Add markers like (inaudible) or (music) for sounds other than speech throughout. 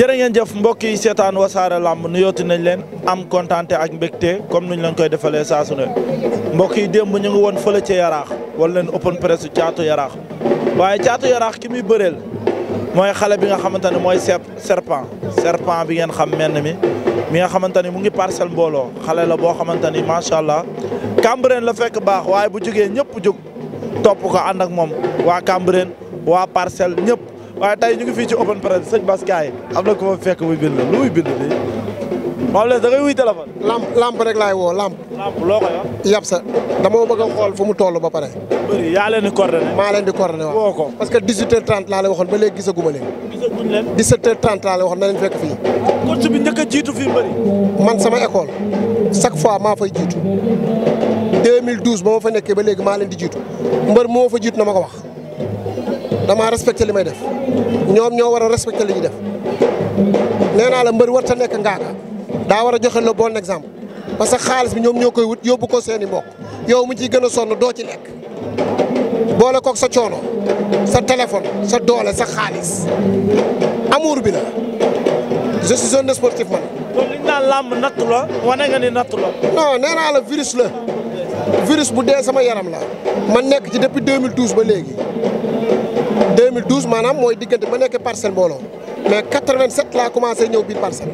jërë ngeen jëf mbokk yi seetaan wasaare lamb nuyooti nañ leen am kontaante ak mbégte comme nuñ leen koy defalee saa su ne mbokk yi démb ñu ngi woon fële ca yaraax wala leen open press caatu yaraax waaye caatu yaraax ki muy bëreel mooy xale bi nga xamante ne mooy sepp serpent serpent bi ngeen xam menn mi mi nga xamante ni mu ngi parcelle mbooloo xale la boo xamante ni macha allah Cambérène la fekk baax waaye bu jógee ñëpp jóg topp ko ànd ak moom waa Cambérène waa parcelle ñëpp waaye tey ñu ngi fii ci open presse sëñ Bass Kaay am na ku ma fekk muy bind lu muy bind nii Mame Less da ngay wuy téléphone. lamp lamp rek laay woo lamp. lamp sa dama bëgg a xool fu mu toll ba pare. bëri yaa leen di coordonné. maa leen di coordonné waaw woo ko. parce que 18h30 laal lay waxoon ba léegi gisaguma leen. gisaguñ leen. 17h30 laa lay waxoon na leen fekk fii. a jiitu fii man sama école chaque fois maa fay jiitu 2012 ba ma fa nekkee ba léegi maa leen di jiitu mbër moo fa jiitu na ma ko wax. damaa respecté li may def ñoom ñoo war a respecté li ñuy def nee la mbër war ta nekk ngaaka daa war a joxe le bon exemple parce que xaalis bi ñoom ñoo koy wut yóbbu ko seeni i mbokk yow mu ciy gën a sonn doo ci lekk boole kook sa coono sa téléphone sa doole sa xaalis amour bi la je suis un sportif man. kon li ñu naan làmb natt la wane nga ni la. non virus la virus bu dee sama yaram la man nekk ci depuis 2012 ba léegi. 2012 maanaam mooy diggante ma nekke parcelle mbooloo mais 87 laa commencé ñëw biir parcelle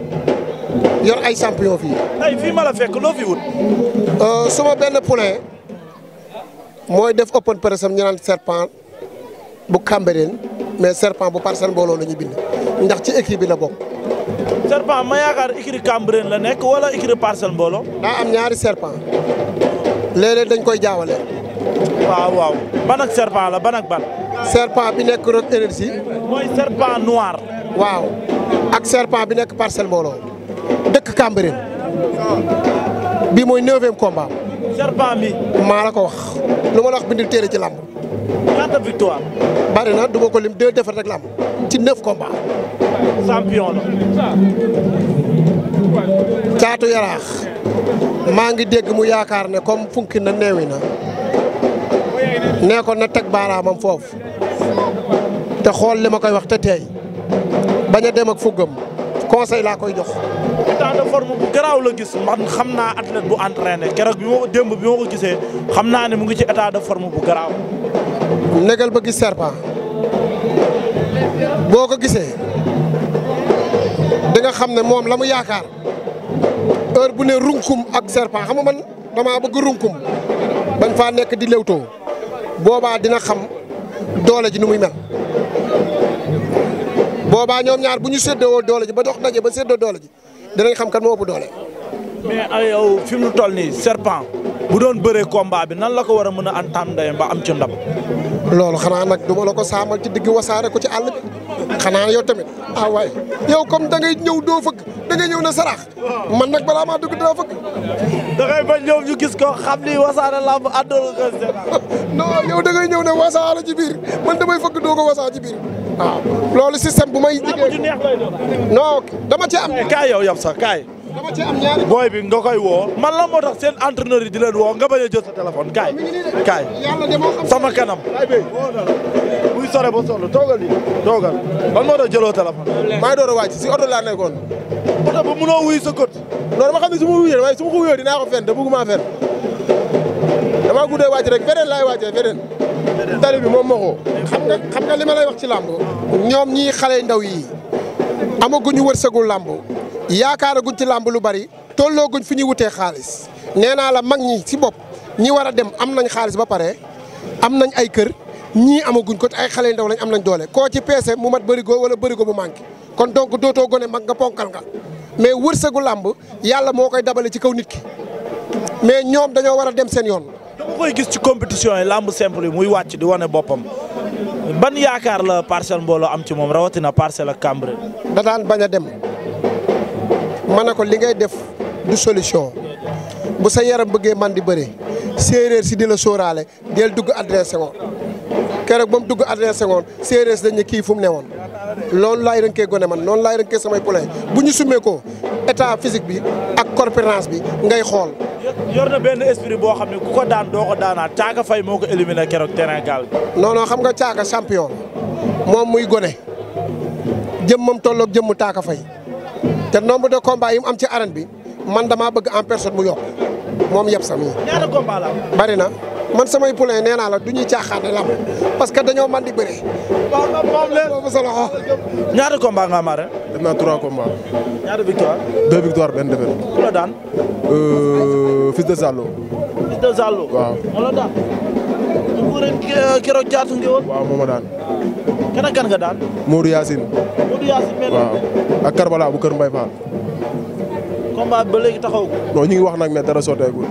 yor ay champion fii. ay fii ma la fekk loo fi wut. Euh, suma benn poulain mooy def open press am ñu naan serpent bu Cambérène mais serpent bu parcelle mbooloo la ñu bind ndax ci équipe bi la bokk. serpent ma yaakaar écurie Cambérène la nekk wala écurie parcelle mbooloo. daa am ñaari serpent léeg dañ koy jaawale. waaw waaw ban serpent la ban ak ban. serpent bi nekk Rock Énergie. waaw ak serpent bi nekk parcelle mbooloo dëkk Cambérène bi mooy neuvième combat serpent bi maa la ko wax lu ma la bindil téere ci làmb ñaata victoire bari na du ma ko lim deux défaites rek làmb ci neuf combat caatu yaraax maa ngi dégg mu yaakaar ne comme funki na neewi nee ko na teg baaraamam foofu te xool li ma koy wax te teey bañ a dem ak fuggam conseil laa koy jox. état de forme bu garaaw la gis man xam naa athlète bu entraîné keroog bi ma démb bi ma ko gisee xam naa ne mu ngi ci état de forme bu garaaw. negal ba gis serpent boo ko gisee di xam ne moom la mu yaakaar heure bu ne runkum ak serpent xam nga man damaa bëgg runkum bañ faa nekk di lewtoo boobaa dina xam doole ji nu muy mel boobaa ñoom ñaar bu ñu séddoo doole ji ba dox daje ba séddoo doole ji dinañ xam kan moo ëpp doole. mais ay yow fi mu toll nii serpent bu doon bëree combat bi nan la ko war a mën a entendre ba am ci ndam. loolu xanaa nag duma ma la ko saamal ci digg wasaare ko ci àll bi xanaa yow tamit ah yow comme da ngay ñëw doo fëgg da ñëw ne saraax man nag balaa maa dugg dina fëgg. da ngay bañ ñu gis ko xam ni wasaare làmb àndoon ko (laughs) non yow da ngay ñëw ne wasaare ci biir man damay fëgg doo ko wasaare ci biir waaw loolu système bu may. liggéey non dama ci am. Eh, kaay yow yam sax kaay. booy bi nga koy woo man la moo tax seen entraîneur yi di leen woo nga bañ a jël sa téléphone kaay kaay sama kanam buy sore ba sonn toogal yi toogal man moo tax jëloo téléphone maa ngi door a wàcc si oto laa nekkoon oto ba mënoo wuyu sa kët loolu ma xam ne su ma wuyee waaye su ma ko wuyoo dinaa ko fen te bëgguma fen damaa guddee wàcc rek feneen laay wàccee feneen tali bi moom moo xam nga xam nga li ma lay wax ci làmb ñoom ñii xale ndaw yi amaguñu wërsëgu làmb yaakaar yaakaaraguñ ci làmb lu bari tollooguñ fi ñuy wutee xaalis nee naa la mag ñi ci bopp ñi war a dem am nañ xaalis ba pare am nañ ay kër ñii amaguñ ko ay xale ndaw lañ am nañ doole koo ci peese mu mat bërigo wala bërigo bu manqué kon doo dootoo gone mag nga ponkal nga mais wërsëgu làmb yàlla moo koy dabale ci kaw nit ki mais ñoom dañoo war a dem seen yoon. dama koy gis ci compétition yi làmb simple yi muy wàcc di wane boppam ban yaakaar la parcelle mbooloo am ci moom rawatina parcelle ak Cambérène. da daan bañ a dem. ma ne ko li ngay def du solution bu sa yaram bëggee man di bëri séeréer si di la sóoraale del dugg adressé woon keroog ba mu dugg adressé woon séeréer si dañ ne kii fu ne woon loolu laay rekkee gone man loolu laay rënkee samay poulain bu ñu summee ko état physique bi ak corpulence bi ngay xool. yor na benn esprit boo xam ne ku ko daan doo ko daanaat taaka fay moo ko éliminé keroog terrain gaal bi. xam nga Thiaka champion moom muy gone jëm tolloog jëmmu Thiaka Faye te nombre de combat yi mu am ci arène bi man damaa bëgg en personne mu yokk moom yëpp sam bari na man samay poulain nee naa la du ñuy caaxaane lamb parce que dañoo man di bëre. moom sa loxo. ñaata combat nga amaat ren. def naa euh, de Zallo. Buureen euh, keroog jaatu ngi waaw moom a daan. kan ak kan nga daan. Modou Yacine. Modou Yacine waaw ak bu Kër Mbaye Fall. combat ba léegi taxaw ko. non ñu ngi wax nag mais dara sotteegul.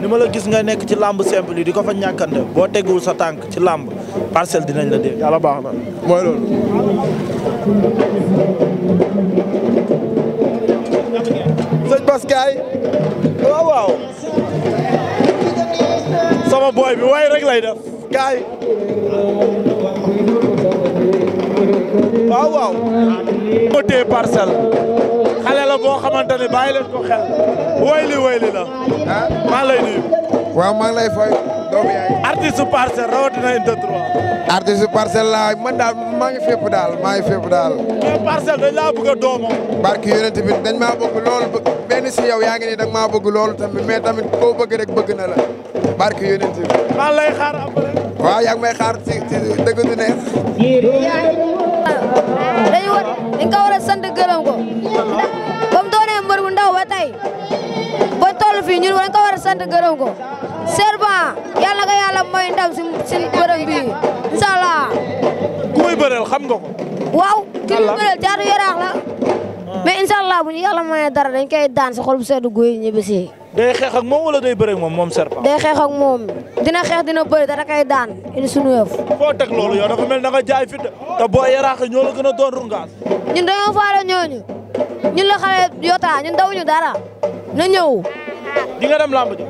ni ma la gis nga nekk ci làmb simple yi di ko fa ñàkkante boo tegul sa tànk ci làmb parcelle dinañ la dégg. yàlla baax na mooy loolu. sëñ Bass waaw waaw. booy bi way rek lay def kaay waaw waaw moo tee parcelle xale la boo xamante ne bàyyi leen ko xel wayli wayli la ah. maa lay nuyu waaw maa ngi lay fay doomu yaay artiste parcelle rawatina inte trois artiste parcelle la man daal maa ngi fépp daal maa ngi fépp daal mais parcelle dañ laa bëgg a doomoo barki yonent bi dañ maa bëgg loolu benn si yow yaa ngi nii da maa bëgg loolu tamit mais tamit koo bëgg rek bëgg na la barke yonent bi. maa xaar après. dëgg du neex. dañu war dañ ko war gërëm ko. ba mu doonee mbër ndaw ba ba toll fii ñun dañ ko war a gërëm ko. Serban yàlla nga yàlla mooy ndam si si bërëm bi incha allah. ku muy bëreel xam nga ko. waaw ki muy bëreel jaatu yaraax la. mais incha allah bu ñu yàlla dara dañ koy daan si xol bu sedd guy ñibbi si. day moom wala day bëre moom moom Serpent. day xeex ak moom dina xeex dina bëri dara kay daan indi sunu yëf. foo teg loolu yow mel na nga fit te boo yaraax ñoo la gën a doon rungaas. ñun dañoo faale ñooñu ñun la xale yotaa ñun dawuñu dara na ñëw. di nga dem làmb ji.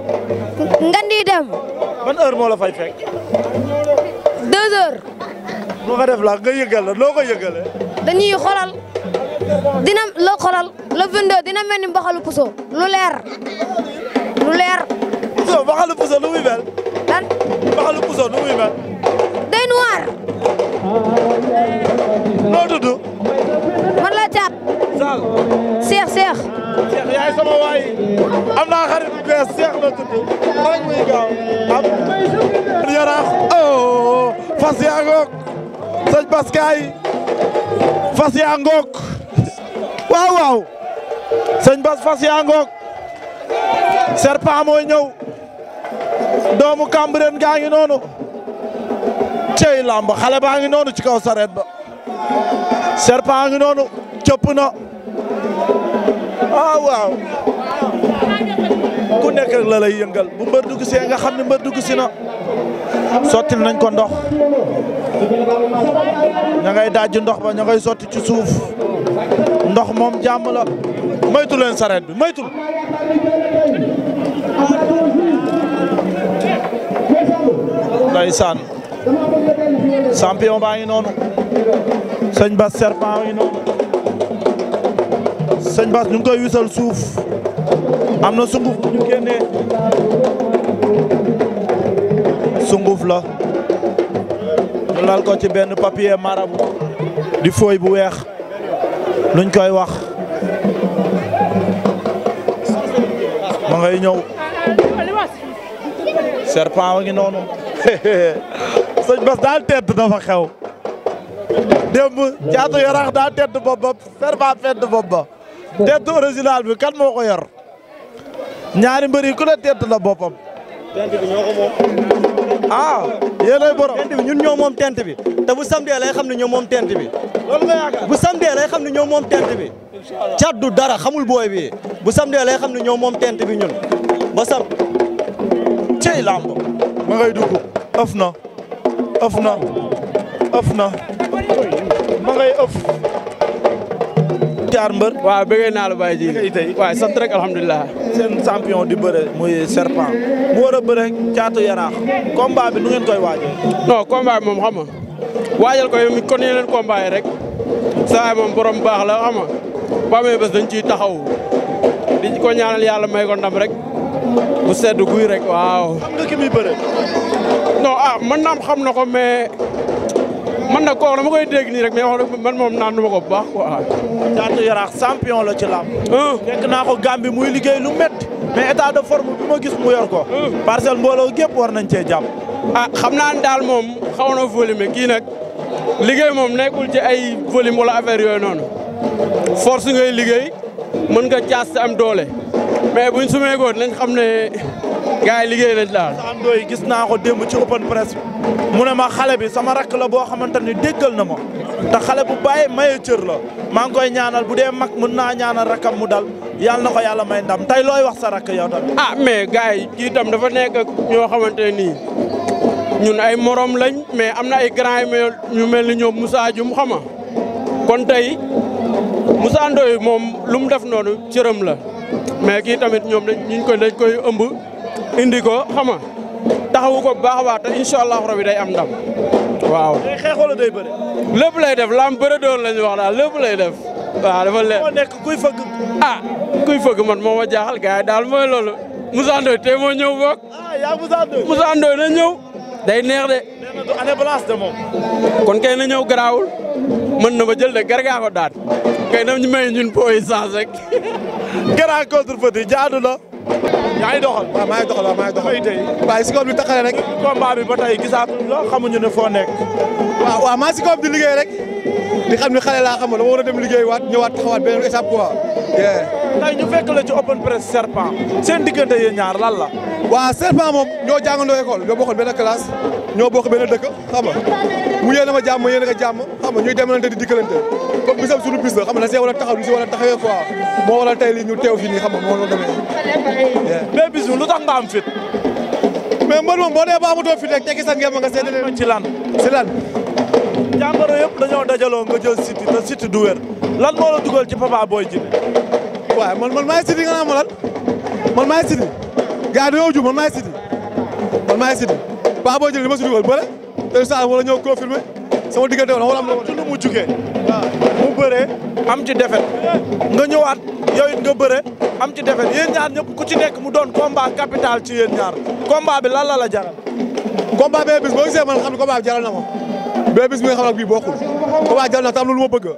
nga fay fekk. deux heures. boo ko def la nga yëgal dina la xoolal le 22 dina mel ni mbaxalu puso lu leer lu leer. puso mbaxalu puso nu muy mel. lan mbaxalu puso nu muy mel. day noir. noo tudd. man la caat. Sall. Cheikh yaay sama waay am naa xarit bu bees Cheikh la tudd rek muy gaaw am. yaraax oh fas yaa ngoog sëñ Baskaay fas yaa ngoog. waaw waaw sëñ Bas fas yaa ngoog serpent mooy ñëw doomu Cambérène gaa ngi noonu tey lamb xale baa ngi noonu ci kaw sareet ba serpent ngi noonu cëpp na waaw ah, waaw ku nekk ak yëngal bu mbër nga xam ne mbër dugg si na sottil nañ ko ndox ña ngay daaj ndox ba ña sotti ci suuf ndox moom jàmm la moytu leen bi moytul ndeysaan champion baa ngi noonu sëñ Bas serpent ngi noonu sëñ Bas ñu ngi wisal suuf am na sunguf bu ñu génnee sunguf la ñu lal ko ci benn papier marabu di fooy bu weex luñ koy wax ma ngay ñëw serpent wa ngi noonu (laughs) sëñ bas daal tedd dafa xew démb caatu yarax daal tedd bopp ba serpent tedd bopp ba tedd original bi kan moo ko yor ñaari mbër yi ku ne la boppam tent bi ñoo ko moom ah yéenay borom tent bi ñun ñoo moom tent bi te bu samedi xam ne ñoo moom tent bi bu samdee lay xam ne ñoom moom tent bi cat du dara xamul booy bi bu samdee lay xam ne ñoom moom tent bi ñun ba sam cey làmb ma ngay dugg ëf na ëf na ëf na mbër waaw naa la Baye Djily tey sant rek alhamdulilah seen champion di bëre muy serpent mu war a bëre caatu yaraax combat bi nu ngeen koy waajal non combat bi moom xam waajal ko yow mi kon yeneen rek saay moom borom baax la xam nga bu amee dañ ciy taxaw di ko ñaanal yàlla may ko ndam rek bu sedd guy rek waaw. xam nga ki muy bëre. non ah man naam xam na ko mais man nag kooku dama koy dégg nii rek mais wax dëgg man moom naan duma ko bu baax quoi. Caatu Yaraax champion la ci làmb. fekk naa ko Gàmbi muy liggéey lu métti. mais état de forme bi ma gis mu yor ko. parcelle mbooloo war nañ cee jàpp. ah xam naa daal moom xaw na volume kii nag. liggéey moom nekkul ci ay volume wala affaire yooyu noonu force ngay liggéey mën nga caas am doole mais buñ sumee ko nañ xam ne (laughs) gars liggéey nañ daal. am doy gis naa ko démb ci open press mu ne ma xale bi sama rakk la boo xamante ni déggal na ma te xale bu bàyyi maye cër la maa ngi koy ñaanal bu dee mag mën naa ñaanal rakkam mu dal yàlla na ko yàlla may ndam tey looy wax sa rakk yow tamit. ah mais kii tam dafa nekk ak ñoo xamante nii ñun ay moroom lañ mais am na ay grand yu mel ni ñoom Moussa Dioum xama kon tey Moussa Ndoye moom lu mu def noonu cëram la mais kii tamit ñoom dañ koy dañ koy ëmb indi ko xama taxawu ko bu baax a baax te incha allahu rabi day am ndam waaw. day xeexoo day bëre. lépp lay def laam bëre doon la wax daal lépp lay def. waaw dafa leer moo nekk kuy fëgg. ah kuy fëgg man jaaxal gars daal mooy loolu Moussa Ndoye ñëw boog. ah yaa Moussa na ñëw. day neex de. nee na du année moom. kon kay na ñëw garaawul mën na ma jël de gargaa ko daan kay na ñu may ñun pooy sans rek. (laughs) Grand contre petit jaadu la. yaa ngi doxal waaw maa ngi doxal waaw maa ngi doxal tey waaye si koom bi taxale rek combat bi ba tey gisaatuñ la xamuñu ne foo nekk waaw waaw maa si koom di liggéey rek di xam ni xale laa xamul dama war a dem liggéey waat ñëwaat taxawaat beneen étape quoi tey ñu fekk la ci open press serpent seen diggante yéen ñaar lan la. waaw serpent moom ñoo jàngandoo école ñoo bokkoon benn classe ñoo bokk benn dëkk xam nga mu yéene ma jàmm yéene nga jàmm xam nga ñuy demalante di dikkalante comme bisam suñu bis la xam da see war a taxaw du a taxawee moo waral tey ñu teew fii nii moo doon demee. mais bis lu tax nga am fit. mais mbër moom boo dee ba amatoo fit rek tekki sa ngeen ma nga seetlu leen ci lan ci lan. jàngoro yëpp dañoo dajaloo nga jël siti te siti du lan moo la dugal ci Papa Boy Djiné waaw man man maay Sidi nga naan ma lan man maay Sidi gars yi dañoo ju man maay Sidi Paa boo jëlee li ma si dugal te saa wala ñëw confirmé sama diggante wala am na woon. tund mu jugee mu bëree am ci defet nga ñëwaat yow it nga bëre am ci defet yéen ñaar ñëpp ku ci nekk mu doon combat capital ci yéen ñaar combat bi lan la la jaral. baa bee bis boo gisee man xam ne combat bi jaral na ma bis bi nga xam ne bii bokkul combat jaral na tam lu ma bëgg.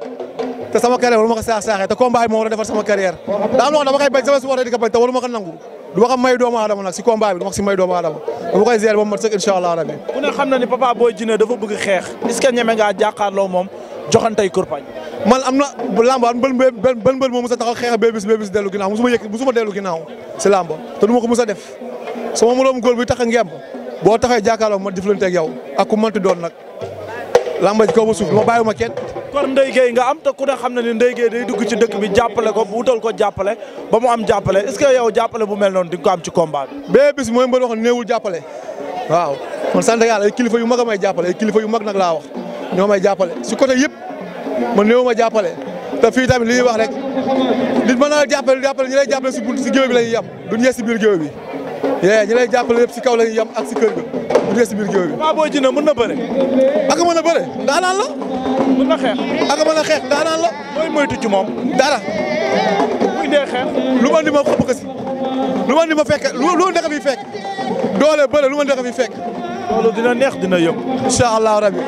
te sama carrière waruma ko saax saaxee te combat bi moo war a defar sama carrière daa am loo xam dama koy bañ sama supporter di ko bañ te waruma ko nangu du ma ko may doomu aadama nag si combat bi du ma ko si may doomu aadama dama koy gérer ba mu mat sax incha allah rabbi ku ne xam na ni Papa Boy Djiné dafa bëgg xeex est-ce que ñeme ngaa jàkkaarloo moom joxantey kurpañ man am na lamba ban bën bën bën moo mos a taxaw xeex bee bis bee bis dellu ginnaaw musuma yëkk musuma dellu ginnaaw si lamba te du ma ko mos a def sama moroom góor bi tax a ngemb boo taxee jàkkaarloo ma jëflante ak yow ak ku mënti doon nag lamba ji kaw ba suuf ma bàyyiwuma kenn par Ndeye Gueye nga am te ku ne xam na ni Ndeye Gueye day dugg ci dëkk bi jàppale ko wutal ko jàppale ba mu am jàppale est-ce que yow jàppale bu mel noonu di ko am ci combat bi. bee bis mooy mbër wax néewul jàppale waaw man sant yàlla ay kilifa yu mag a may jàppale ay kilifa yu mag nag laa wax ñoo may jàppale si côté yëpp man néew ma jàppale te fii tamit li ñuy wax rek nit mën naa jàppale jàppale ñi lay jàppale si géew bi la ñuy yem duñ si biir géew bi yee ñi lay jàppale yëpp si kaw la ñuy yem ak si kër ga bu dee si biir géew bi waaw boo jënd mën na bëre ak mën a bëre daanaan la mën na xeex ak mën a xeex daanaan la mooy moytu ci moom dara lu ma di ma xëpp ko si lu ma di ma fekk lu doole bëre lu ma ndeka bi fekk loolu dina neex dina yëg incha allahu rabi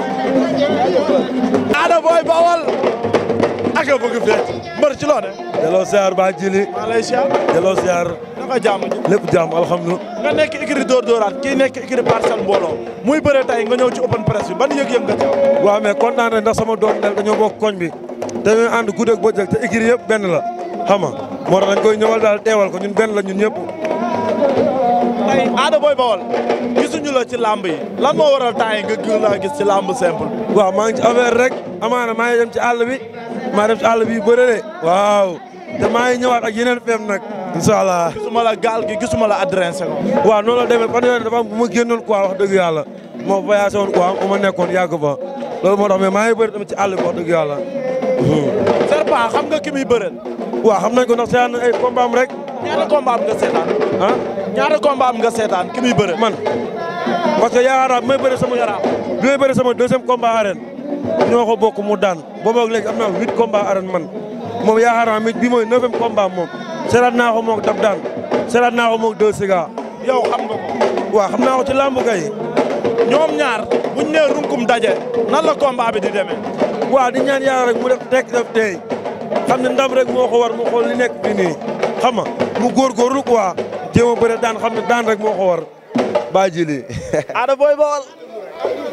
aada booy bawal ak a bëgg fekk mbër ci loo ne delloo siyaar baa jili maa lay siyaar delloo nga jàmm ji lépp jàmm alhamdulilah nga nekk écurie Dóor Dóoraat kii nekk écurie Parcelles mbooloo muy bëre tey nga ñëw ci open press bi ban yëg-yëg nga teew waaw mais kontaan rek ndax sama doom del dañoo koñ bi te ñu ànd guddi ak bëccëg te yëpp benn la xam nga moo tax koy ñëwal daal teewal ko ñun benn la ñun ñëpp tey Ada Boy Baol gisuñu la ci lamb yi lan moo waral temps yi nga gën laa gis ci lamb simple waaw maa ngi ci rek amaana maa ngi dem ci àll bi maa dem ci àll bi bëre de waaw maa ngi ñëwaat ak yeneen feem nag incha allah gisuma la gaal gi gisuma la adressé ko. waaw noonu la demee parce que dafa am bu ma génnoon quoi wax dëgg yàlla moo voyagé woon quoi bu ma nekkoon yàgg ba loolu moo tax mais maa ngi bëri tamit ci àll bi wax dëgg yàlla. Zarpa mmh. xam nga ki muy bëreel. waaw nañ ko ndax seetaan na rek. ñaata combat am nga seetaan. ah ñaata man parce que yaakaar naa may sama. yaakaar bi may bëri sama deuxième combat arène. ko bokk mu daan boobu ak am naa huit combat arène man moom yaakaar naa bii seeraat naa ko moog dab daan naa ko moog deux xam nga ko xam naa ko ci làmb kay ñoom ñaar buñ nee runkum daje nan la combat bi di demee waaw di ñaan yàlla rek mu def tek def tey xam ndam rek moo ko mu xool li nekk bi nii xam nga mu góorgóorlu quoi jéem daan xam ne rek moo ko war (laughs) Ada Boy Baol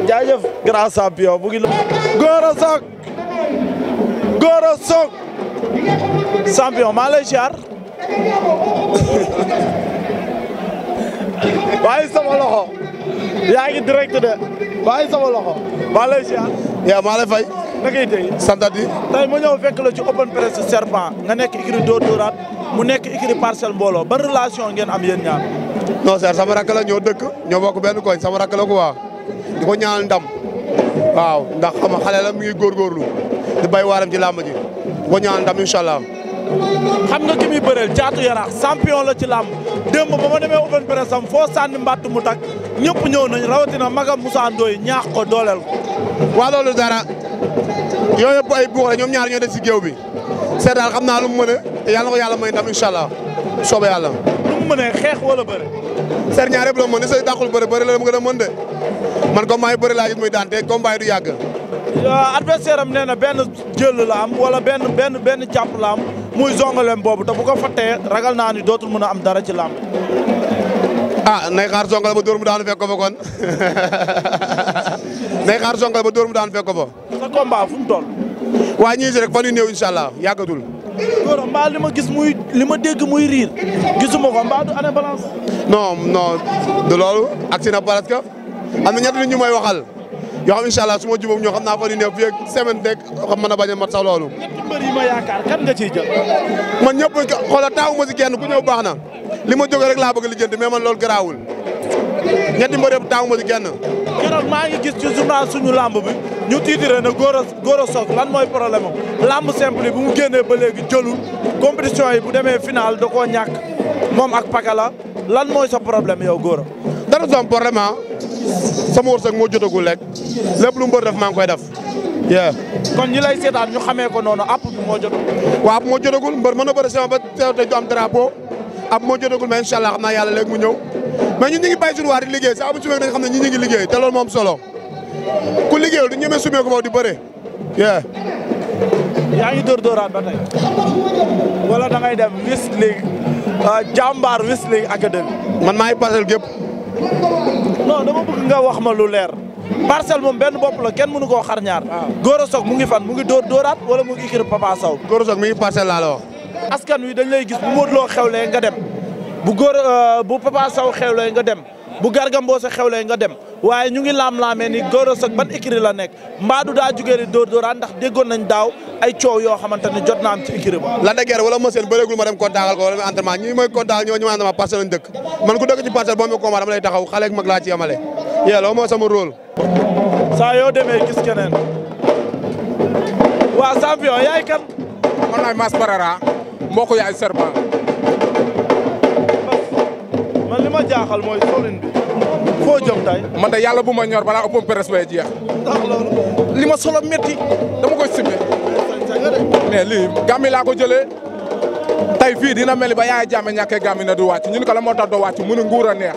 jaajëf grand champion bu ngi góor a soog góor a bàyyi sama loxo yaa ngi direct de bàyyi sama loxo maa lay ziar. yaa maa lay fay. nakay tey ma ñëw fekk la ci open press serpent nga nekk écurie Dóor Dóoraat mu nekk écurie Parcelles Mbooloo ban relation ngeen am yéen ñaar non seer sama rakk la ñoo dëkk ñoo bokk benn koñ sama rakk la quoi di ko ñaanal ndam waaw ndax xam nga la mi ngi góorgóorlu di bay waaram ci ji di ko ndam incha xam na ki muy bëreel caatu yaraax champion la ci làmb démb ba ma demee open press am foo sànni mbàtt mu tak ñëpp ñëw nañ rawatina magam Moussa Ndoye ñaax ko dooleel ko. waa loolu dara yooyu yëpp ay buux la ñoom ñaar ñoo des si géew bi seet daal xam naa lu mu mën a yàlla na ko yàlla may ndam incha allah soobee yàlla. lu mu xeex wala bëre. seet ñaar yëpp la mën ni say dàqul bëre bëre la mu gën a mën de man combat yi bëre laa gis muy daan te combat du yàgg. adversaire am nee na benn jël la am wala benn benn benn jàpp la muy zongaleem boobu te bu ko fattee ragal naa ni dootul mën a am dara ci làmb ah nay xaar zongale ba dóor mu daan fekk ko fa kon (laughs) nay xaar zongale ba door mu daan fekk ko fa. sa combat fu mu waa ñii si rek fan yu néew incha allah yàggatul. góor mbaa li gis muy li ma dégg muy riir gisuma ko mbaa du année balance. non non de loolu agsi na presque am na ñett nit ñu may waxal. yoo xam incha allah su ma jubóog ñoo xam naa fa ñu ne fii ak semaine rek xam a a mat sax loolu. ñetti mbër yi ma yaakaar kan nga ciy jël. man ñëpp xoola taawu ma si kenn ku ñëw baax na li ma jógee rek laa bëgg lijjanti mais man loolu garaawul ñetti mbër yëpp taawu ma si kenn. keroog maa ngi gis ci journal suñu lamb bi ñu tiitiree ne góor a góor lan mooy problème am lamb simple yi bu mu génnee ba léegi jëlul compétition yi bu demee final da koo ñàkk moom ak Pakala lan mooy sa problème yow góor sama wërsëg moo jotagul rek lépp lu mbër def maa ngi koy def yeah kon ñi lay seetaan ñu xamee ko noonu app bi moo jotagul waaw app moo jotagul mbër mën na bëri sama ba teew te du am drapeau app moo jotagul mais incha allah xam naa yàlla léegi mu ñëw mais ñun ñu ngi bàyyi suñu waar di liggéey saa bu sumee nañ xam ne ñi ñu ngi liggéey te loolu moom solo ku liggéey du ñemee sumee ko boobu di bëre yeah yaa ngi dóor dóoraat ba tey wala da ngay dem wrestling ah, jàmbaar wrestling ma man maa ngi gépp non dama bëgg nga wax ma lu leer parcelle moom benn bopp la kenn mënu koo xar ñaar. Gora Sock mu ngi fan mu ngi dóor dóoraat wala mu ngi kii Papa Sow. Gora Sock mi ngi parcelle laa la askan wi dañ lay gis bu Modou Lo xewlee nga dem bu góor euh, bu Papa Sow xewlee nga dem bu Garga Mbossé xewlee nga dem. waaye ñu ngi laam-laamee ni Gora Sock ban écurie la nekk mbaa du daa jugee di dóor dóoraan ndax déggoon nañ daaw ay coow yoo xamante ne jot na am ci écurie ba la de guerre wala moseen bëreegul ma dem kontaanal ko wala ma entraînement ñi mooy kontaan ñoo ñu ma entraînement parcelle lañ dëkk man ku dëkk ci parcelle boo ma combat dama lay taxaw xale ak mag laa yamale yee loolu moo sama rôle saa yoo demee gis keneen waa champion yaay kan man laay Mass Barara moo ko yaay serpent mooy foo jëm tay man de yàlla bu ma ñor balaa ëppam presse bay li ma solo métti dama koy simbe. mais lii gàmmi laa ko jëlee tay fii dina mel ba yaay jàmme ñàkkee gàmmi na du wàcc ñun ko moo tax doo wàcc mu nguur a neex.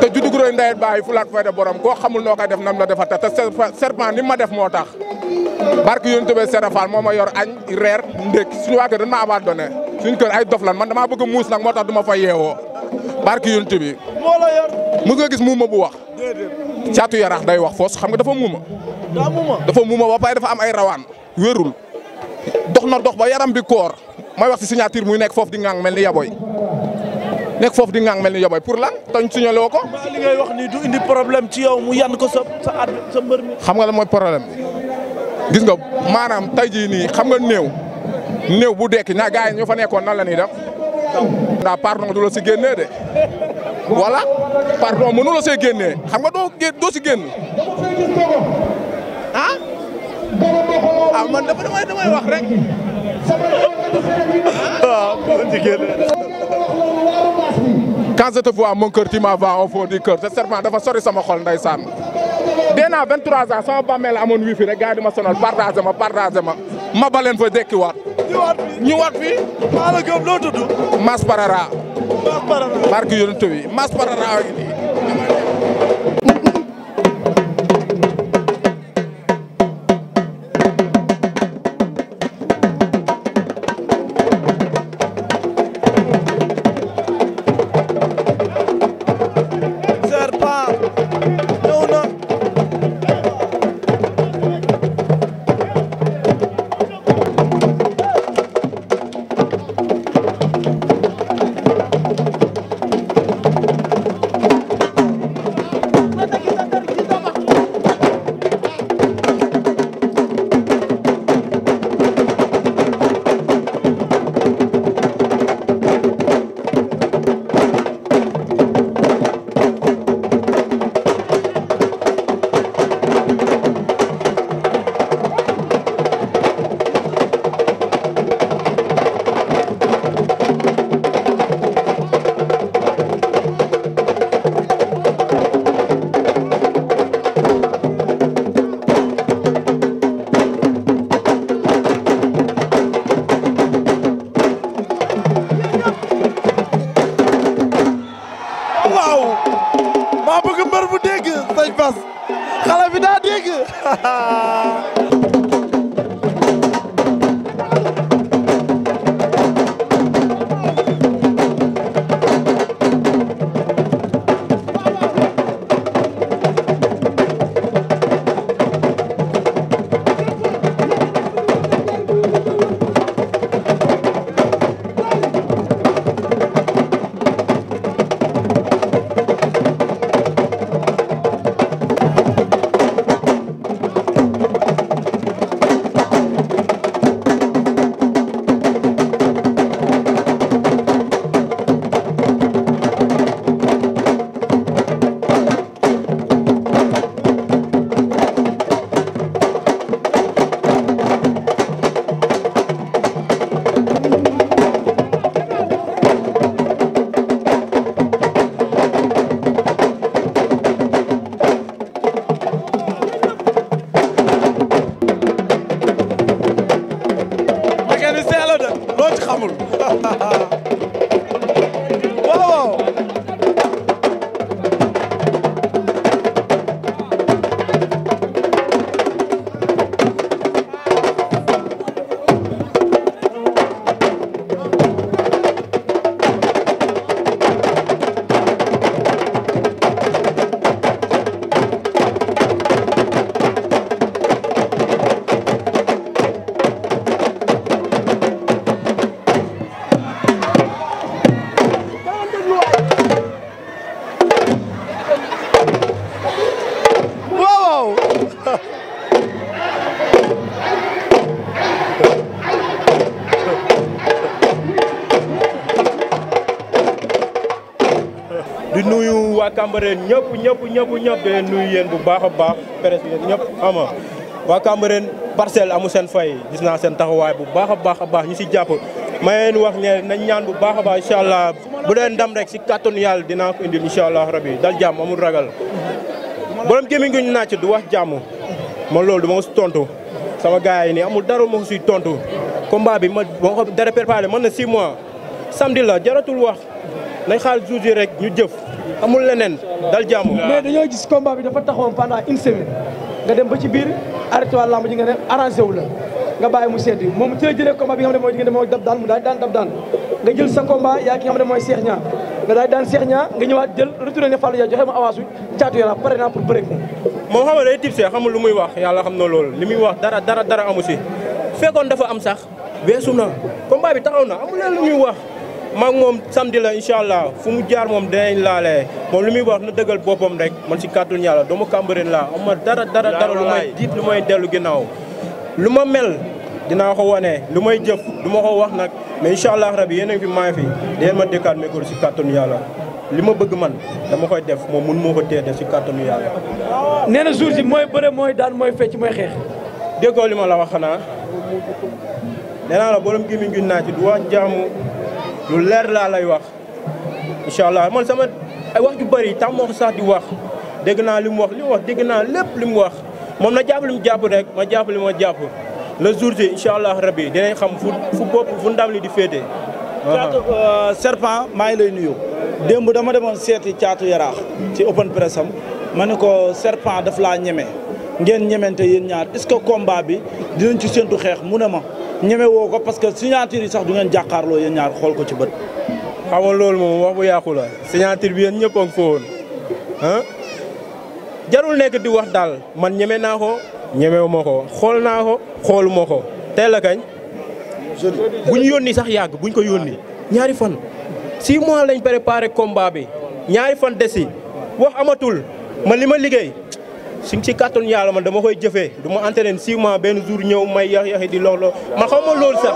te juddu gu rëy ndeyet bàyyi fulaat fayda borom koo xamul noo koy def nam la defa tax te serpent ni ma def moo tax. barke yoon tëbee Serap Fall moo ma yor añ reer ndékki suñu waa kër dañ ma abandonné suñu kër ay dof lan man damaa bëgg muus nag moo tax barki yonent bi moo la mu nga gis muuma bu wax caatu yaraax day wax foos xam nga dafa muuma dafa muuma ba pare dafa am ay rawaan wérul dox na dox ba yaram bi koor may wax si signature muy nekk foofu di ngang mel ni yaboy nekk foofu di ngang mel ni yaboy pour lan tañ signalé ko li ngay wax ni du ci yow mu yan ko sa sa ad xam nga la mooy problème gis nga maanaam tey jii nii xam nga néew néew bu dekki na gars yi ñoo fa nekkoon nan la ñuy def ndaa pardon du la si génnee de voilà pardon mënu la see génnee xam nga doo doo si génn ah ah man dafa damay damay wax rek ah si génn quand je te vois mon cœur tu m'envoies au dafa sori sama xol ndeysaan dee naa 23 ans sama bàmmeel amoon wifi rek gars ma sonal partagé ma partagé ma ma ba leen fa dekkiwaat ñu waat fii maa la gëm loo Mass Parara barke yonent bi Mass Parara Cambérène ñëpp ñëpp ñëpp ñëpp di leen nuyu bu baax a baax presse bi ñëpp xam nga waa Cambérène parcelle amu seen fay gis naa seen taxawaay bu baax a baax a baax ñu si jàpp ma leen wax ne nañ ñaan bu baax a baax incha allah bu dee ndam rek si kàttanu yàlla dinaa ko indil incha allah rabi dal jàmm amul ragal borom gémmiñ gi ñu nàcc du wax jàmm man loolu du ma si tontu sama gars yi nii amul dara ma si tontu combat bi ma ma ko dara préparé mën na 6 mois samedi la jaratul wax nañ xaar jour yi rek ñu jëf amul leneen dal jàmm. mais dañoo gis combat bi dafa taxawoon pendant une semaine nga dem ba ci biir arrêté waa lamb ji nga ne arrangé wu la nga bàyyi mu seeti moom ci la jëlee combat bi nga xam ne mooy nga demoo dab daan mu daal daan dab nga jël sa combat yaa ki nga xam ne mooy Cheikh nga daal daan Cheikh nga ñëwaat jël retourné ne Fallou joxe ma avance caatu Yarax pare naa pour bëre ko. moom xam nga day tipsé xamul lu muy wax yàlla xam na loolu li muy wax dara dara dara amu si fekkoon dafa am sax weesu na combat bi taxaw na amul leen lu muy wax maag moom samedi la fu mu jaar moom dinañ laalee moom lu muy wax na dëggal boppam rek man si kàttul yàlla doomu Cambérène laa am ma dara dara dara lu may diit lu may dellu ginnaaw lu ma mel dinaa ko wane lu may jëf du ma ko wax nag mais incha allah rabi yéen a ngi fi maa fi dinañ ma dëkkaat micro si kàttul li ma bëgg man dama koy def moom mun moo ko téede si kàttanu yàlla. nee na jour si mooy bëre mooy daan mooy fecc mooy xeex. déggoo ma la wax xanaa nee naa la lu leer laa lay wax incha allah man sama ay wax ju bëri tam moo ko sax di wax dégg naa li mu wax li wax dégg naa lépp li mu wax man na jàpp li jàpp rek ma jàpp ma jàpp le jour ji incha allah rabi dinañ xam fu fu bopp fu ndam li di féete. caatu euh, serpent maa ngi lay nuyu. démb dama demoon seeti caatu yaraax ci open press am ma ne ko serpent daf laa ñeme ngeen ñemente yéen ñaar est-ce que combat bi dinañ ci séntu xeex mu ne ma. ñeme woo ko parce que signature yi sax du ngeen jàkkaarloo yéen ñaar xool ko ci bët. xam nga loolu moom wax bu yàqu la signature bi yéen ñëpp a ngi jarul nekk di wax daal man ñeme naa ko ñemewu ma ko xool naa ko xoolu ma ko teel a kañ. yónni sax yàgg guñ ko yónni ñaari fan. six mois lañ préparé combat bi ñaari fan desi wax amatul man li ma liggéey suñ si kàttan yàlla man dama koy jëfee du ma entraîné six benn jour ñëw may yax yaxi di lox lox man xaw ma loolu sax.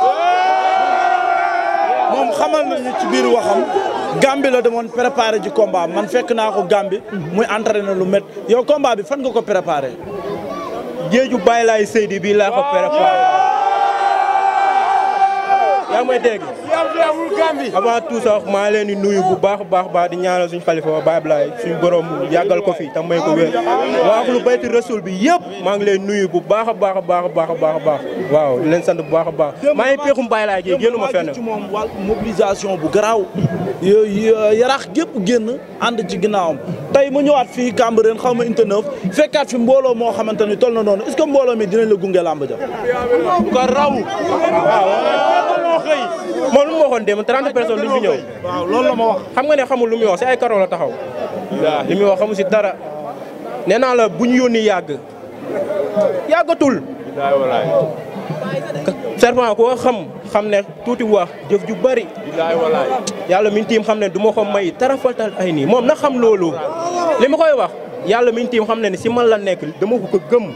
moom xamal nañu ci biir waxam Gambie la demoon préparé ji combat man fekk naa ko Gambie. muy entraîné lu met yow combat bi fan nga ko préparé. géeju bàyyi laay Seydi bii laa ko préparé. yaa may dégg. avant tout maa leen di nuyu bu baax baax baax di ñaanal suñu xalifa ba Baye Ablaye suñu borom yàggal ko fi tam may ko wér. waaw lu bayti rasul bi yëpp maa ngi leen nuyu bu baax a baax a baax a baax waaw di leen sant bu baax a baax. maa ngi peexum Baye Laay gi moom wàll mobilisation bu garaaw. yaraax gépp génn ànd ci ginnaawam tey ma ñëwaat fii Cambérène xaw ma interneuf fekkaat fi mbooloo moo xamante ni toll na noonu est-ce que mbooloo mi dinañ la gunge làmb ja ko raw xëy moom lu mu waxoon démb 30 personnes duñ fi ñëw. waaw loolu la ma wax. xam nga ne xamul lu muy wax si ay karo la taxaw. li muy wax xamu si dara. nee naa la bu ñu yónni yàgg yàggatul. serpent ko xam xam ne tuuti wax jëf ju bari yàlla mi ngi tiim xam ne du ma ko may tarafaltal ay nii moom na xam loolu li ma koy wax yàlla mi ngi xam ne ne si man la nekk dama ko ko gëm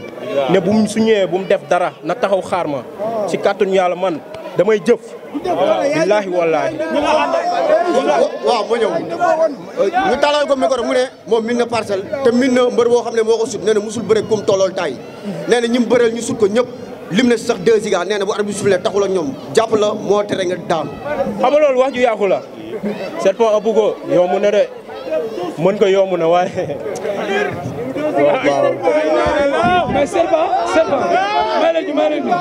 ne bu mu su ñëwee bu mu def dara na taxaw xaar ma si kàttanu yàlla man damay jëf. billaahi wallaahi. waaw ma ñëw ñu talal ko micro mu ne moom min na parcelle te min na mbër boo xam ne moo ko sut nee na musul bëre kum tollool tay nee na ñi mu bëreel ñu sut ko ñëpp lim na sax deux giga nee na bu arbitre bi soufflé taxul ak ñoom jàpp la moo tere nga daanu. xam nga loolu wax ju yàqu la. Serpent a bugg ko yomb na de mën ko yomb na waaye waaw mais Serban Serban maa leen ñu maa leen ñu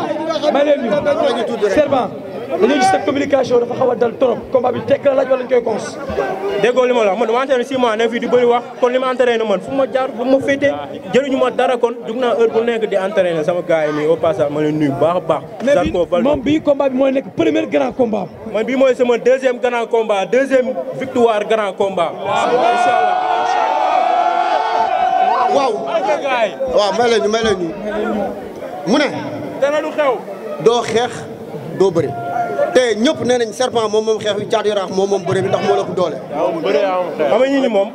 maa leen ñu Serban dañoo gis sa communication dafa xaw a dal trop combat bi tekk la laaj wala ñu koy cons déggoo ma la wax man dama entraîné six mois ne kon li ma entraîné man fu ma jaar bu ma féete jëriñu ma dara kon jug naa heure bu nekk di entraîné sama gars yi nii au passage leen nuyu baax a baax Zarko Balde moom bii mooy nekk premier grand combat man bii mooy sama deuxième grand combat victoire grand combat incha waaw. waaw may leen ñu may leen mu ne. dana lu xew. doo xeex doo bëri. te ñëpp nee nañ serpent moom moom xeex bi caatu yaraax moom moom bëri bi ndax moo la doole. xam nga ñu ni moom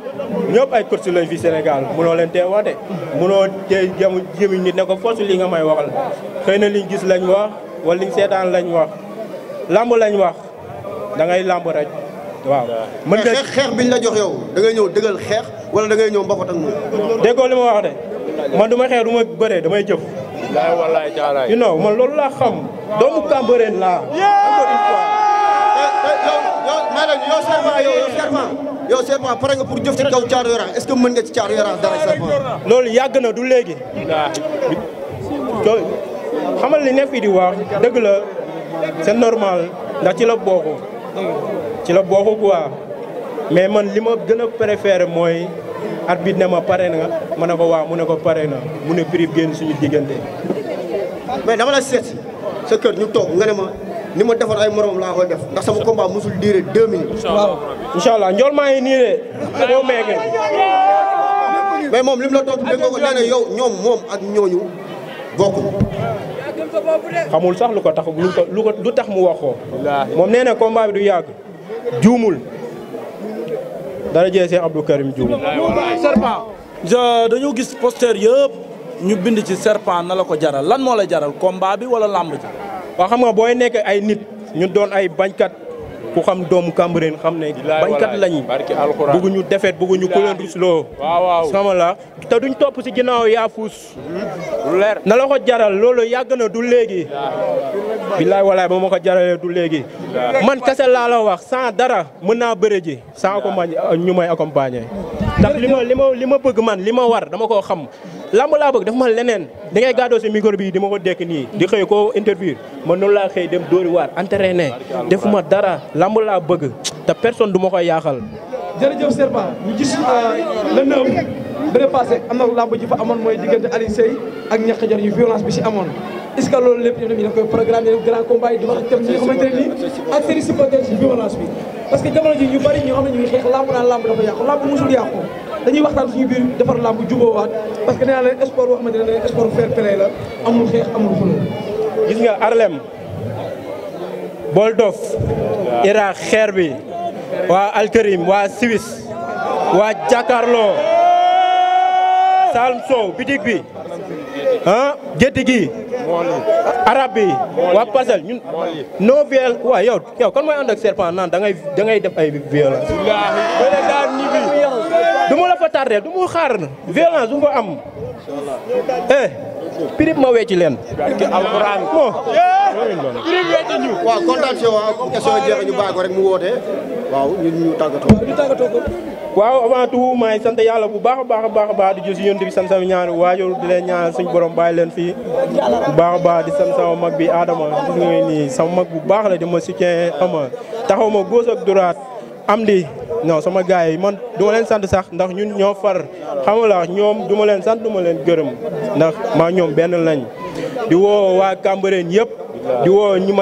ñëpp ay course lañ fi Sénégal mënoo leen te wax de mënoo tee jamu jémiñ nit ne ko foosu lii nga may waxal xëy na liñ gis lañ wax wala liñ seetaan lañ wax lamb lañ wax da ngay lamb rek waaw mën nga xeex xeex biñ la jox yow dangay ñëw dëggal xeex wala dangay ñëw mbapat ak moom. déggoo li ma wax de man du ma xeex du ma bëree damay jëf. laay walaay taalaay. loolu laa xam. doomu Cambérène laa. encore une fois. yow maanaam yow serment pour jëf ci kaw Thiatou Yarakh est-ce mën nga ci Thiatou Yarakh dara serment. loolu yàgg na du léegi. xamal li ne fii di wax dëgg la c'est normal ndax ci la bokk. ci la bokk quoi mais man li ma gën a préféré mooy arbitre ne ma pare na ma ne ko waa mu ne ko pare na mu ne prix génn suñu diggante. mais dama la seet sa kër ñu toog nga ne ma ni ma defoon ay morom laa koy def ndax sama combat musul diire deux minutes. incha allah njool maa ngi nii de boo meegee. moom li la toog dégg nga ko na yow ñoom moom ak ñooñu bokkul. xamul sax lu ko tax lu ko lu tax mu wax ko moom nee na combat du yàgg juumul dara jee Cheikh Abdou Karim juumul serpent dañu gis poster yëpp ñu bind ci serpent na la ko jaral lan moo la jaral combat bi wala làmb ji waaw xam nga booy nekk ay nit ñu doon ay bañkat ku xam doomu Cambérène xam ne bañkat lañ ñu defet bëgguñu ku leen rusloo sama la te duñ topp si ginnaaw yaa fuus leer ko jaral loolo yàgg na du léegi bilaay walaay ba ma ko jaralee du léegi man kese laa la wax sans dara mën naa bëre ji sans accompagner ñu may accompagner ndax li ma li ma bëgg man li ma war dama koo xam lamb laa bëgg dafa ma leneen da ngay gàddoo si micro bii di ma ko dekk nii di xëy ko interview mën noonu laa xëy dem dóori waar entraîné defu ma dara lamb laa bëgg te personne du ma koy yaaxal jërëjëf Serba ñu gis euh, le neuf bëre passé am na lamb ji fa amoon mooy diggante Aliou ak ñaq jar ñu violence bi si amoon est-ce que loolu lépp ñoom ñu def koy programme grand combat di wax ak thème ñi nga xamante ne nii ak seen supporters yi violence parce que jamono ji ñu bari ñoo xam a ñu ngi xeex làmb naan làmb dafa yàqu làmb musul yàqu dañuy waxtaan suñu biir defar làmb jubóowaat parce que nee naa leen sport boo xamante ne ne sport fair play la amul xeex amul xuloo gis nga Arlem Boldof Irak xeer bi waa Alkarim waa Suisse waa Jakaarlo Salm Sow bitig bi ah gétti gi arabe yi waa parcelle ñun non waa waaw yow yow kan mooy ànd ak serpent naan da ngay da ay violence wala du ma la fa tardeel du ma xaar na violence du am eh pirip ma wecci leen. alxuraan moo. pirip wecci ñu. waaw kontaan si waaw question yi jeexee ñu bàyyi rek mu woote waaw ñu ñu tàggatoo waaw avant tout maay sant yàlla bu baax a baax a baax a baax di jël si yonent bi sant sama ñaari waajur di leen ñaanal suñu borom bàyyi leen fii bu baax baax di sam sama mag bi aadama gis nga nii sama mag bu baax la di ma soutien ama taxaw ma góos ak duraat am di non sama gars yi man du ma leen sant sax ndax ñun ñoo far xam ñoom duma leen sant duma leen gërëm ndax ma ñoom benn lañ di woo waa Cambérène yëpp di woo ñu may